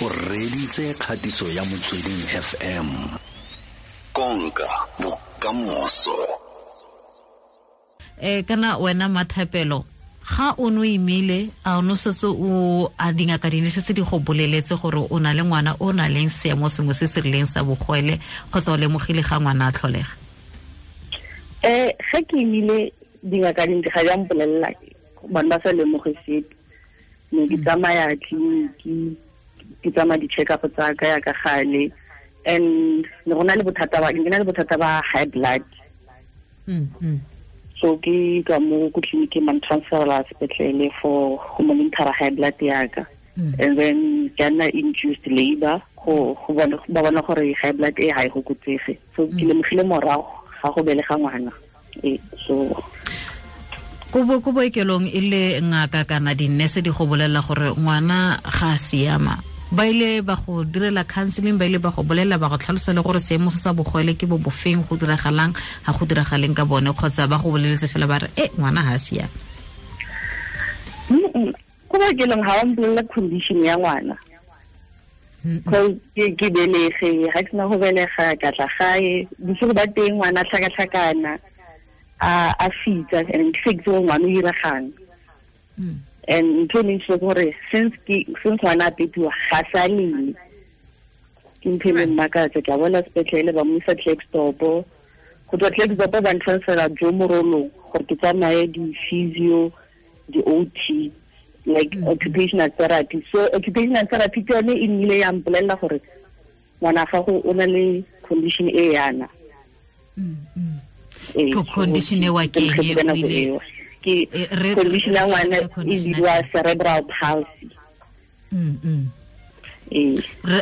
o reditse kgatiso ya motsweding fm konka bokamoso e kana wena mathapelo ga o ne o imile a o ne setse o a dingaka dine setse di go boleletse gore o na le ngwana o na leng seemo sengwe se se rileng sa bogwele kgotsa o lemogile ga ngwana a tlholega um ga ke imile dingaka dintle ga jang bolelela bane ba sa lemoge sepe ne ke mm. tsamaya tleliniki ke tsama di-check up tsa ka ya ka gale and ne go le bothata ba ke na le bothata ba high blood hmm, hmm. so ke ka mo ko tleliniking man transferla sepetlele for go monitora high blood yaka hmm. and then ke nna induced labor go ba bona gore high blood e high e go kotsege so ke lemogile morago ga go belega ngwana e so ko boekelong e le ngaka kana di-nurse di go bolelela gore ngwana ga a siama ba ile ba go direla counseling ba ile ba go bolelela ba go tlhalosa le gore seemo se sa bogwele ke bo bofeng go diragalang ga go diragaleng ka bone kgotsa ba go boleletse fela ba re e ngwana ga a siame ko bakeleng ga ba condition ya ngwana ke belege ga ke sena go belega ka tla gae bosigo ba teng ngwana tlhakatlhakana a fitsa and ke se ke tse ngwana o and ntho ne ntshile gore since ngwana a petiwa ga sa lele ke ntho e le mmakatsa ke a bona sepetlele ba mo isa clakstop go tswa clakstop ba ntlhansela jo morolong gore ke tsamaye di-physio di-o t like mm -hmm. occupational therapy so occupational therapy ke yone e nnile yampolelela gore ngwana gago o na le condition e yana mm-hmm. ee, condition e wa keng e ke condition ya ngwana e bidiwa cerebral palsy mm, mm.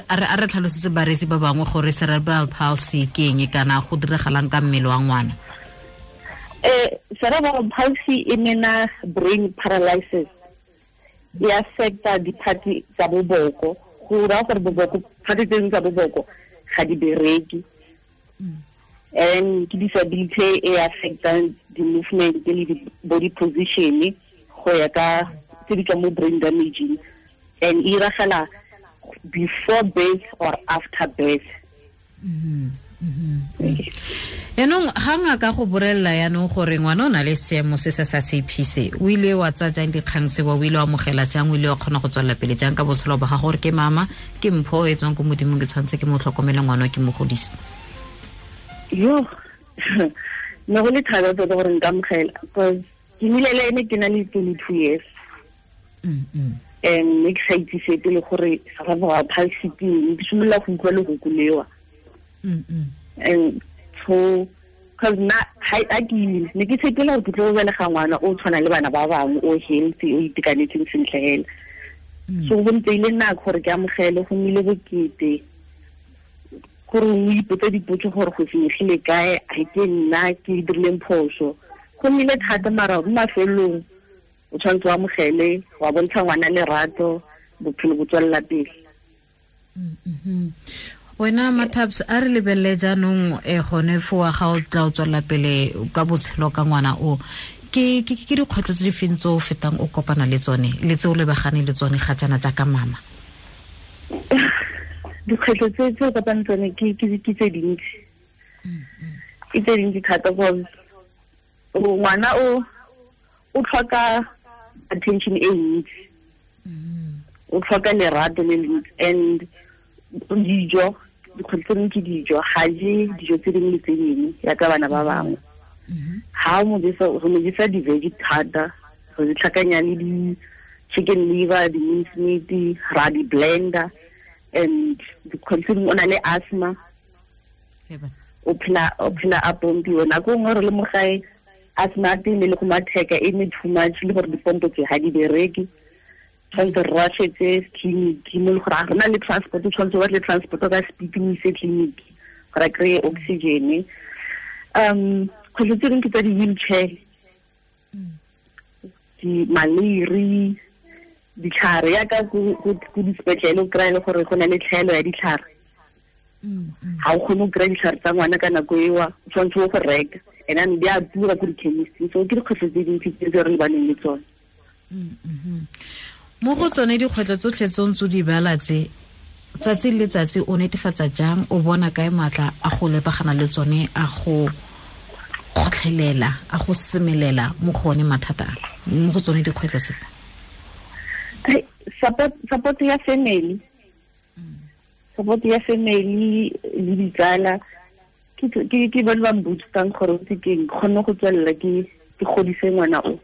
a re tlhalosetse baresi ba bangwe gore cerebral palsy ke eng e kana go diragalang ka mmele wa ngwana um cerebral palsy e mena brain paralysis e affecta diphati tsa boboko go raya gore boboko phati tse tsa boboko ga di bereke mm. and ke disability e affectang di-movement le di-body position go ya ka tse di tswa mo brain damaging and e iragala before birth or after birth mm yaanong ga ngaka go borelela yaanong gore ngwana o na le seemo se se sa sephise o ile wa tsa jang dikgang sewa o ile wa amogela jang o ile wa kgona go tswelela pele jang ka botshelo ba gago gore ke mama ke mpho o e tswang ko modimong ke tshwanetse ke mo tlhokomele ngwana o ke mo godisa Jo. Nu vil jeg tage dig på døren, gammel kæl. For de lille lande, den er lige på mit hus. Mm, mm. Ikke sagde de sig, det er hårde, så der var bare ikke sig, det er som en lov, hun kunne lukke kunne leve. Mm, mm. Så, kaz na, hay, agi, ne ki se gila, ki jo wana kwa wana, o tona mm. le wana baba, o healthy, o itika ne ting sin kahel. So, wun te ilen na kore kya mkhele, hun ilo wikite. Mm, mm. gore o ipotse dipotso gore go senyegile kae a ke nna ke dirileng phoso go nnile thata mara mo mafelong o tshwanetse wa amogele wa bontsha ngwana lerato bophelo bo tswelela pele mm-hmm. wena mathaps a re lebelele jaanong um gone foa ga o tla o tswelela pele ka botshelo ka ngwana o ke dikgwetlho tse di feng tse o fetang o kopana le tsone le tse o lebagane le tsone ga jaana jaaka mama dikgwetlho tse o kopang tsone ke tse dintsi ke tse dintsi thata gore ngwana o o tlhoka attention e ntsi o tlhoka lerato le lentsi and dijo dikgwetlho tse dingwe ke dijo ga je dijo tse dingwe le tse dingwe yaka bana ba bangwe ga re mojesa di-vege thata re di tlhakanya le di-chicken liver di-minsmeat ra di-blender and considering o na le asthma o phela a pompiwe nako ngwe re le mo gae asthma a teng le le go matheka e too much le gore dipompo tse ga di bereke tshwanetse re rwafetse tliniki mo e le gore a rena le transport o tshwanetse ba le transport ka speeding se tliniki gore a kry-e oxygene um kgwetlho tse dingwe ke tsa di-wheelchair mm. di-maleri ditlhare yaka ko dispetlele o kry-e le gore go na le tlhaelo ya ditlhare ga mm-hmm. o kgone go kry-a ditlhare tsa ngwana ka nako ewa o tshwanetse o go reka and then di a tura ko di-chemisting so ke dikgwetlho tse dintsi tse tse re lebaneng le tsone mm-hmm. mo go tsone dikgwetlho tsotlhe tse o ntse o di bala tse tsatsi le letsatsi o netefatsa jang o bona kae maatla a go lebagana le tsone a go kgotlhelela a go semelela mo go one mathata mo go tsone dikgwetlho tse support support ya family support ya family le ditsala ke ke bone ba mbotsang gore o ke kgone go tswelela ke ke godise ngwana o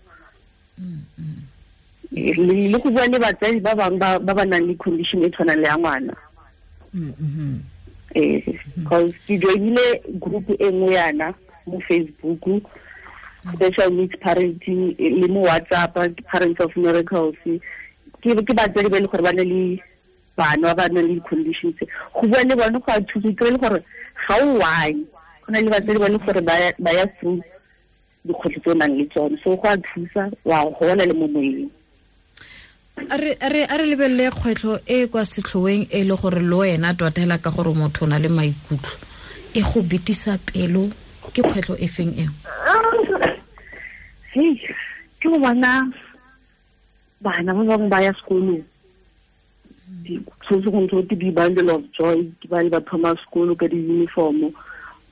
le go bua le batsadi ba bang ba ba nang le condition e tshwanang le ya ngwana eh because ke joinile group e nngwe yana mo facebook special needs parenting le mo whatsapp parents of miracles ke ke batswadi ba e le gore ba na le bana ba ba nang le di-conditions go bua le bone go a thusa ke le gore ga o one go na le batswadi ba e le gore ba ya through dikgwetlho tse o nang le tsone so go a thusa wa gola le mo moyeng a re lebelele kgwetlho e kwa setlhoeng e le gore le wena tota ka gore motho o na le maikutlo e go betisa pelo ke kgwetlho e feng eo ke go bona bana ba bangwe ba ya sekolong so se go ntse di-bundle of joy ke ba le ba thoma sekolo ka di-uniformo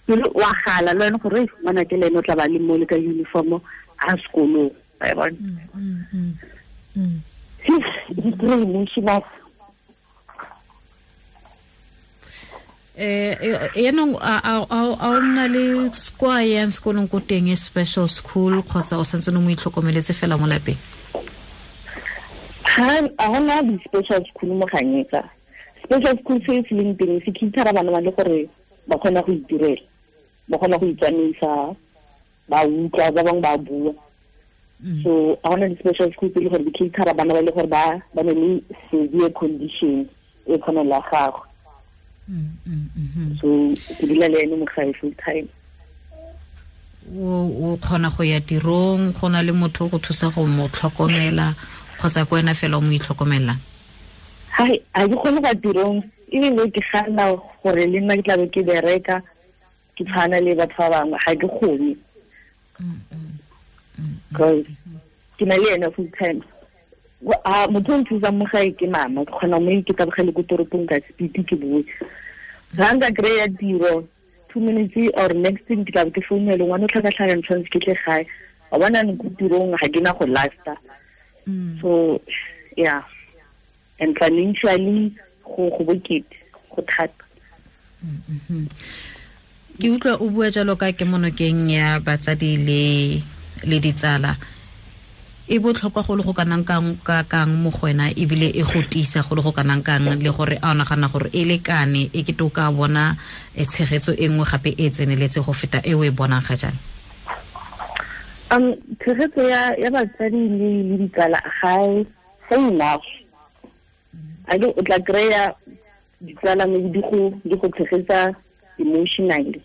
pele wa gala le wena gore mana ke le ene o tla ba le mole ka uniformo a sekolong ba e mm, mm, mm, e eh, eh, yaanong a o nna le kwa yang sekolong ko teng e special school kgotsa o santse no mo itlhokomeletse fela mo lapeng ga gona di-special school mo ganyetsa special school se se leng teng se khitshara bana ba le gore ba kgona go itirela ba kgona go itsamaisa ba utlwa ba bangwe ba bua mm. so ga gona di-special school tse e le gore di khitshara bana ba e le gore ba ba ne le severe condition e kgona la gagwe mm, mm, mm-hmm. so ke dula le ene mogae full time o kgona go ya tirong go na le motho go thusa go mo tlhokomela kgotsa ke wena fela o mo itlhokomelang hai a ke kgone ka tirong ebile ke ganna gore le nna ke tlabe ke bereka ke tshwana le batho ba bangwe ga ke kgone because ke na le ene full time a motho o nthusang mo gae ke mama ke kgona mo ke tabogele ko toropong ka sepiti ke boe ga nka kry-a tiro two minutes or next thing ke tlabe ke founele ngwane o tlhakatlhakang tshwanetse ke tle gae wa bona ne ko tirong ga ke na go lasta mm. so yeah and financially go go bokete go thata mm-hmm. ke utlwa o bua jalo ka ke monokeng ya batsadi le le ditsala e botlhokwa go le go kanang kang ka kang mo go wena ebile e go tisa go le go kanang kang le gore a nagana gore e lekane e ke toka bona e tshegetso e nngwe gape e tseneletse go feta e o e bonang ga jaana um tshegetso ya ya batsadi le le dikala ga ga nna a ke o tla kry-a ditsala maybe di go di go tshegetsa emotionally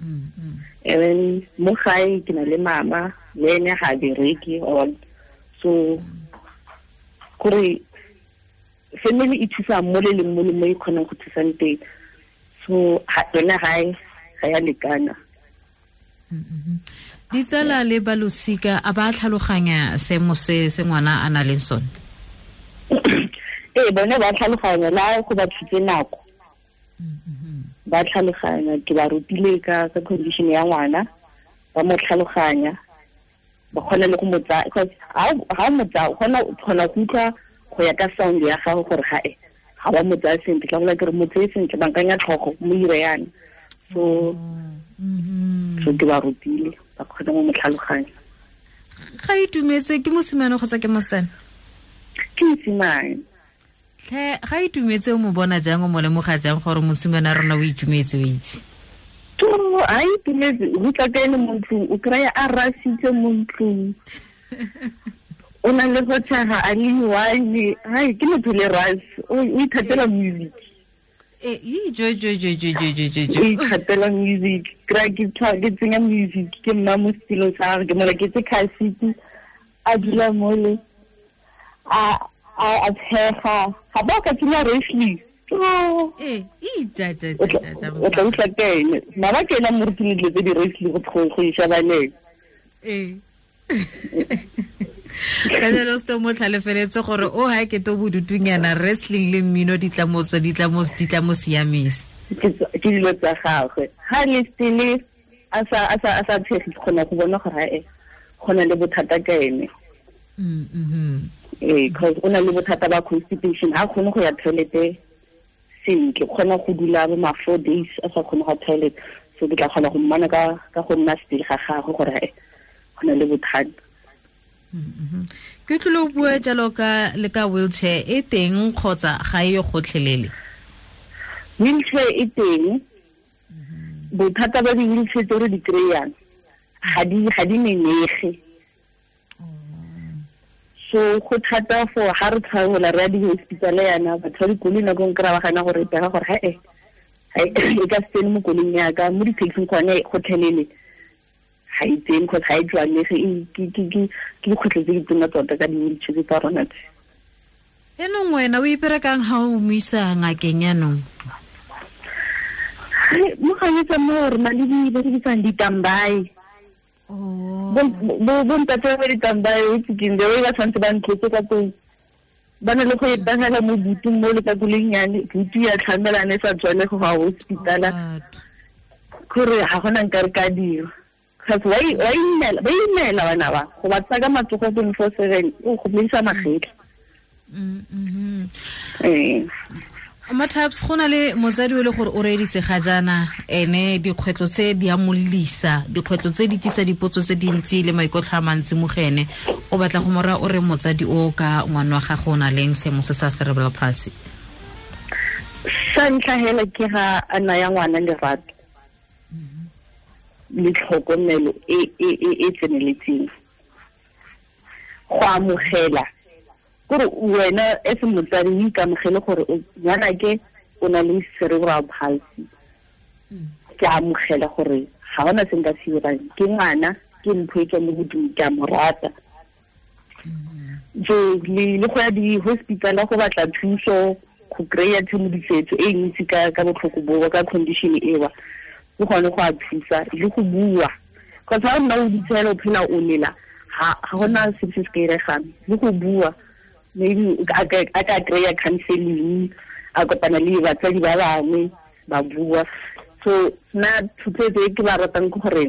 mm-hmm. and mo mo gae ke na le mama le ene ga bereke all so kore family e thusa mo le leng mo le mo e kgonang go thusang teng so ha gae ga ya lekana mm-hmm. ditsala le balosika a ba tlhaloganya seemo se se ngwana a na leng sone ee bone ba tlhaloganya la go ba thutse nako mm-hmm. ba tlhaloganya ke ba rutile ka ka condition ya ngwana ba mo tlhaloganya ba kgona le go motsaya ga o motsaya o kgona go utlwa go ya ka sound ya gago gore ga e eh, ga ba motsaya sentle ka gola kere motsaye sentle bankanya tlhogo mo ire yana so so ke ba rutile ba khona mo tlhaloganya ga e tumetse ke mosimane tsa ke mosena ke mosimane tlhe ga itumetse o mo bona jang o mo lemoga jang gore mosimane a rona o itumetse o itse to a itumetse go tla ka ene mo o kraya a a rasitse mo ntlong o na le go tlhaga a le wa ni hai ke motho le ras o ithatela music Eh, ithatela music kryke tsenya music ke nna mo stilong sa gare ke mola ke tse casity a dula mole a tshega ga ba ka tsenya rasley oh. eh, o tla utlwa ke ene maba ke ena morutinedilo tse di-rasley go go ishabaneng ka jalo se mo tlhalefeletse gore o oh, ha ke to bodutung yana wrestling le mmino di tla motso di tla mo di ke dilo tsa gagwe ga le stile a sa a sa a go bona gore e, go na le bothata ka ene mm eh cause o na le bothata ba constitution ga kgone go ya toilete sentle kgona go dula bo ma four days a sa kgone go ya toilet so ke tla kgona go mmana ka go nna stile ga gagwe gore e go na le bothata mm-hmm. ke tlile go bua jalo ka le ka wheelchair e teng kgotsa ga e gotlhelele wheelchair e teng mm-hmm. bothata ba di-wheelchair tse re di kry-ang ga di nenege so go thata for ga re tshwaola re ya di-hospitale yana batho ba dikoloi nakong e kry ba gana gore pega gore ga e e ka se tsene mo kolong yaka mo di-taxing kgone e gotlhelele ga e teng cause ga e jwalege ke dikgwetlho tse di tona tota ka di-wheelchair tsa rona tse enong wena o iperekang ga ha o moisa ngakeng yanong mo gaetsa mo rona le berekisang ditambae bontate ba ditambae oh. o tsikeng e ba tshwanetse ba ntlhetse ka teng ba na le go etagela mo butung mo le ka koleng yane butu ya tlhamelane e sa tswalego ga hospitala oh, gore ga ha gona nkare ka dira cause ba imela bana ba go ba tsaya ka matsogo twenty-four seven o go medisa magetla ama go na le motsadi o le gore o reeditse ga jaana ene dikgwetlo tse di a molisa dikgwetlo tse di tlisa dipotso tse dintsi le maikotlo a mantsi mo o batla go mora o re motsadi o ka ngwana wa gago o na leng seemo se sa cerebral palsy sa ntlha hela ke ga ana ya ngwana le rato le tlhokomelo e, e, e, e tseneletseng go amogela kore wena e se motsadi o ikamogele gore ngwana ke o na le cerebral palsy ke amogela gore ga ona se nka se irang ke ngwana ke mpho e ke le bodimo ke a mo rata so le go ya di-hospital go batla thuso go kry-a tshemodisetso e ntsi ka botlhoko boo ka condition e wa mm -hmm le gone go a thusa le go bua cause ga o nna o ditshela o phela o lela ga gona sepe se se ka iregang le go bua maybe a ka kry-a counselling a kopana le batsadi ba bangwe ba bua so nna thutetse ke ba ratang ke gore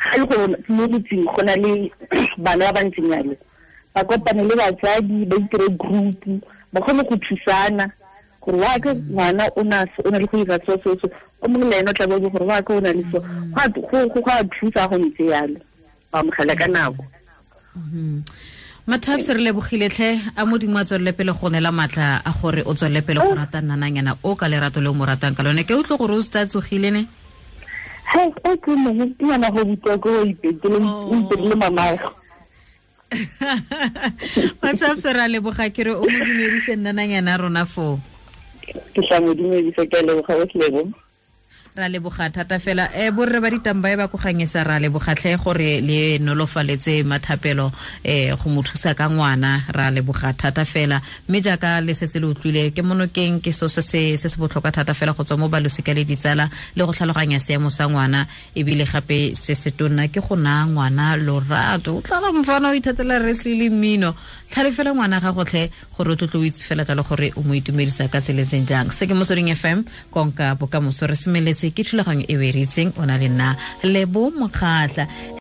ga e le mo botsing go na le bana ba bantsing yalo ba kopana le batsadi ba itire group ba kgone go thusana Mm. gore wa ngwana o na le go ira so so so o mongwe le ene o tlabe o gore wa o na le so go a thusa go ntse yalo ba amogela ka nako mm-hmm. mathaps re lebogiletlhe a modimo a tswelele pele go nela maatla a gore o tswelele pele go oh. rata nnananyana o ka lerato le o mo ratang ka lone ke utlwe gore o setsa tsogile ne he o ke mongwe go butwa ke mamago matshapse ra leboga kere o mo dumedise a rona foo ke pues hlangwe dume di fekele go ga ra leboga thata fela e eh, borre ba ditambae ba koganyetsa ra lebogatlhe gore le nolofaletse mathapelo um go mo thusa ka ngwana ra leboga thata fela mme jaaka le setse le utlwile ke monokeng ke so se se botlhokwa thata fela go tswa mo balosika le ditsala le go tlhaloganya seemo sa ngwana ebile gape se se tona ke go na ngwana lorato o tlala mfana o ithatela resli le mmino tlhale fela ngwana ga gotlhe gore o tlotlo o itse fela ka le gore o mo itumedisa ka tseletseng jang se ke mo fm konka bokamoso re semeletse ke thulaganyo e o o na le nna lebo mokgatlha